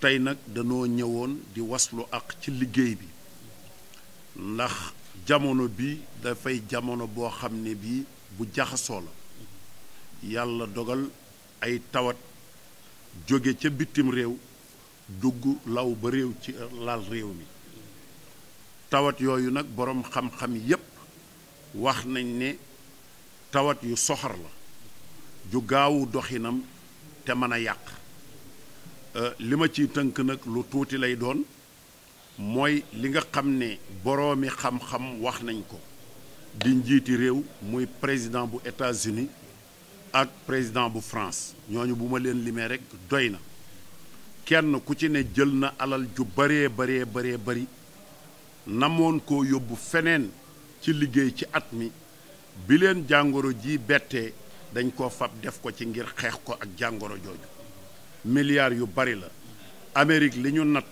tey nag danoo ñëwoon di waslu ak ci liggéey bi ndax jamono bi dafay jamono boo xam ne bii bu jaxasoo la yàlla dogal ay tawat jóge ca bitim réew dugg law ba réew ci laal réew mi tawat yooyu nag boroom xam-xam yépp wax nañ ne tawat yu soxor la ju gaawu doxinam te mën a yàq Euh, li ma ciy tënk nag lu tuuti lay doon mooy li nga xam ne boroomi xam-xam wax nañ ko di njiiti réew muy président bu États-Unis ak président bu France ñooñu bu ma leen lime rek doy na kenn ku ci ne jël na alal ju baree baree baree bari namoon ko yóbbu feneen ci liggéey ci at mi bileen jàngoro ji bettee dañ ko fab def ko ci ngir xeex ko ak jàngoro jooju milliards yu bari la Amérique li ñu natt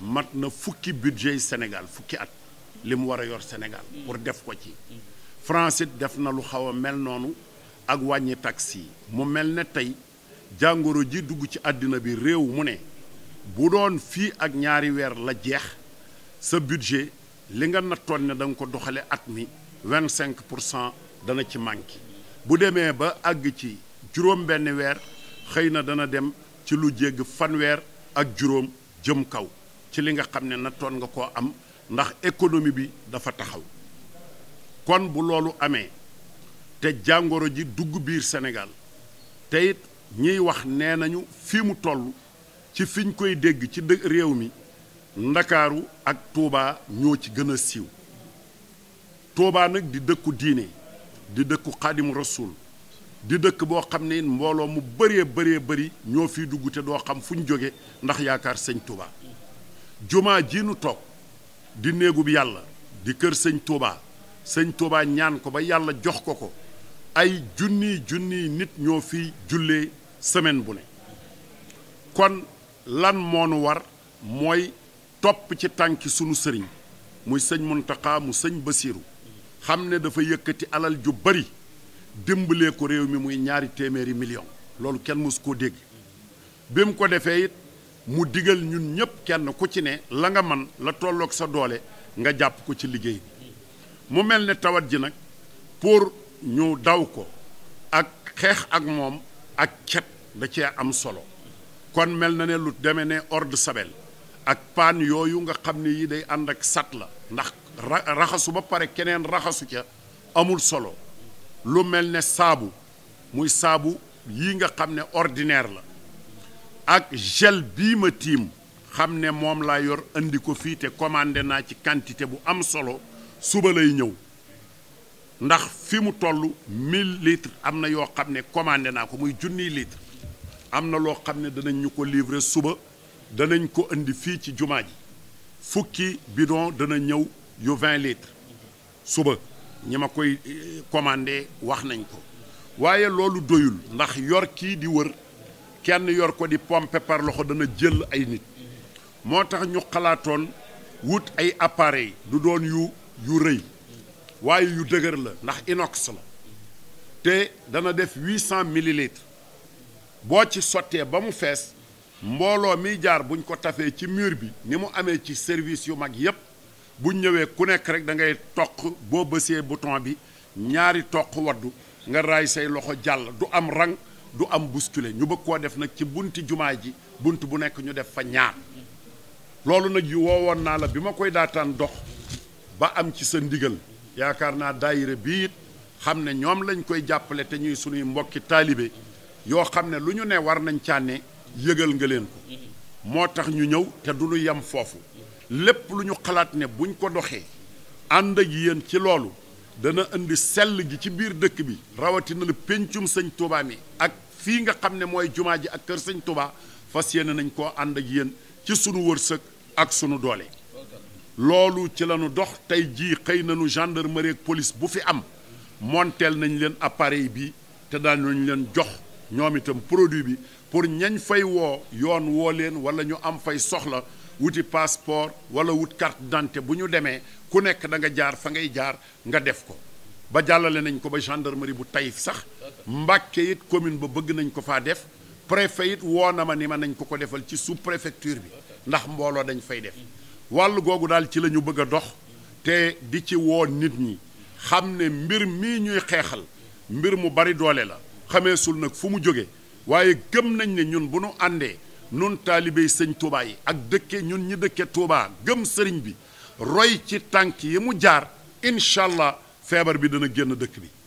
mat na fukki budget Sénégal fukki at li mu war a yor senegal pour def ko ci France def na lu xaw a mel noonu ak wàññi tax yi mu mel ne tey jàngoro ji dugg ci àddina bi réew mu ne bu doon fii ak ñaari weer la jeex sa budget li nga nattoon ne danga ko doxale at mi vingt cinq pour cent dana ci manqué bu demee ba àgg ci juróom benn weer xëy na dana dem ci lu jégg fanweer ak juróom jëm kaw ci li nga xam ne nattoon nga ko am ndax économie bi dafa taxaw kon bu loolu amee te jàngoro ji dugg biir Sénégal te ñiy wax nee nañu fi mu toll ci fiñ koy dégg ci réew mi ndakaaru ak tuuba ñoo ci gën a siiw Touba nag di dëkku diine di dëkku xaadimu rasul di dëkk boo xam ne mbooloo mu bëree bëree bëri ñoo fiy dugg te doo xam fu ñu jóge ndax yaakaar sëñ Touba jumaa ji nu toog di néegub yàlla di kër sëñ Touba sëñ Touba ñaan ko ba yàlla jox ko ko ay junni junni nit ñoo fiy jullee semaine bu ne kon lan moonu war mooy topp ci tànki sunu sëriñ muy sëñ Muntaxa mu Basiiru xam ne dafa yëkkati alal ju bari démbalee ko réew mi muy ñaari téeméeri million loolu kenn mosu koo dégg bi mu ko defee it mu digal ñun ñëpp kenn ku ci ne la nga man la tollook sa doole nga jàpp ko ci liggéey bi mu mel ni tawat ji nag pour ñu daw ko ak xeex ak moom ak cet da cee am solo kon mel na ne lu demee ne eau ak paan yooyu nga xam ne yi day ànd ak sat la ndax raxasu ba pare keneen raxasu ca amul solo lu mel ne saabu muy saabu yi nga xam ne ordinaire la ak gel bii ma tiim xam ne moom laa yor indi ko fii te commandé naa ci quantité bu am solo suba lay ñëw ndax fi mu toll 1000 litres am na yoo xam ne commandé naa ko muy junni litres am na loo xam ne danañ ñu ko livrer suba danañ ko indi fii ci jumaa ji fukki bidon dana ñëw yu 20 suba ñi ma koy eh, commandé wax nañ ko waaye loolu doyul ndax yor kii di wër kenn yor ko di pompe par loxo dana jël ay nit moo tax ñu xalaatoon wut ay appareil du doon yu yu rëy waaye yu dëgër la ndax inox la te dana def 800 millilitres boo ci sottee ba mu fees mbooloo miy jaar buñ ko tafee ci mur bi ni mu amee ci service yu mag yépp bu ñëwee ku nekk rek dangay ngay toq boo bësee bouton bi ñaari toq waddu nga raay say loxo jàll du am rang du am bustule ñu bëgg koo def nag ci bunt jumaa ji bunt bu nekk ñu def fa ñaar loolu nag yu woowoon naa la bi ma koy daataan dox ba am ci sa ndigal yaakaar naa daayira bi xam ne ñoom lañ koy jàppale te ñuy suñuy mbokki taalibe yoo xam ne lu ñu ne war nañ cànne yëgal nga leen ko mm-hmm. moo tax ñu ñëw te du ñu yem foofu lépp lu ñu xalaat ne buñ ko doxee ànd ak yéen ci loolu dana indi sell gi ci biir dëkk bi rawatina la péncum sëñ Touba mi ak fii nga xam ne mooy jumaa ji ak kër sëñ Touba fas yéene nañ ko ànd ak yéen ci sunu wërsëg ak sunu doole loolu ci lañu dox tey jii xëy nañu gendarmerie ak police bu fi am monteel nañ leen appareil bi te daan nañ leen jox ñoom itam produit bi pour ñañ fay woo yoon woo leen wala ñu am fay soxla wuti passeport wala wut carte d'identité bu ñu demee ku nekk da nga jaar fa ngay jaar nga def ko ba jàllale nañ ko ba gendarmerie bu tey sax Mbàkke it commune ba bëgg nañ ko faa def préfet it woo na ma ni ma nañ ko ko defal ci sous préfecture bi ndax mbooloo dañ fay def wàll googu daal ci lañu ñu bëgg a dox te di ci woo nit ñi xam ne mbir mii ñuy xeexal mbir mu bari doole la xamee sul nag fu mu jóge waaye gëm nañ ne ñun bu nu àndee nun taalibey sëñ Touba yi ak dëkke ñun ñi dëkke Touba gëm sëriñ bi roy ci tànk yi mu jaar incha allah feebar bi dana génn dëkk bi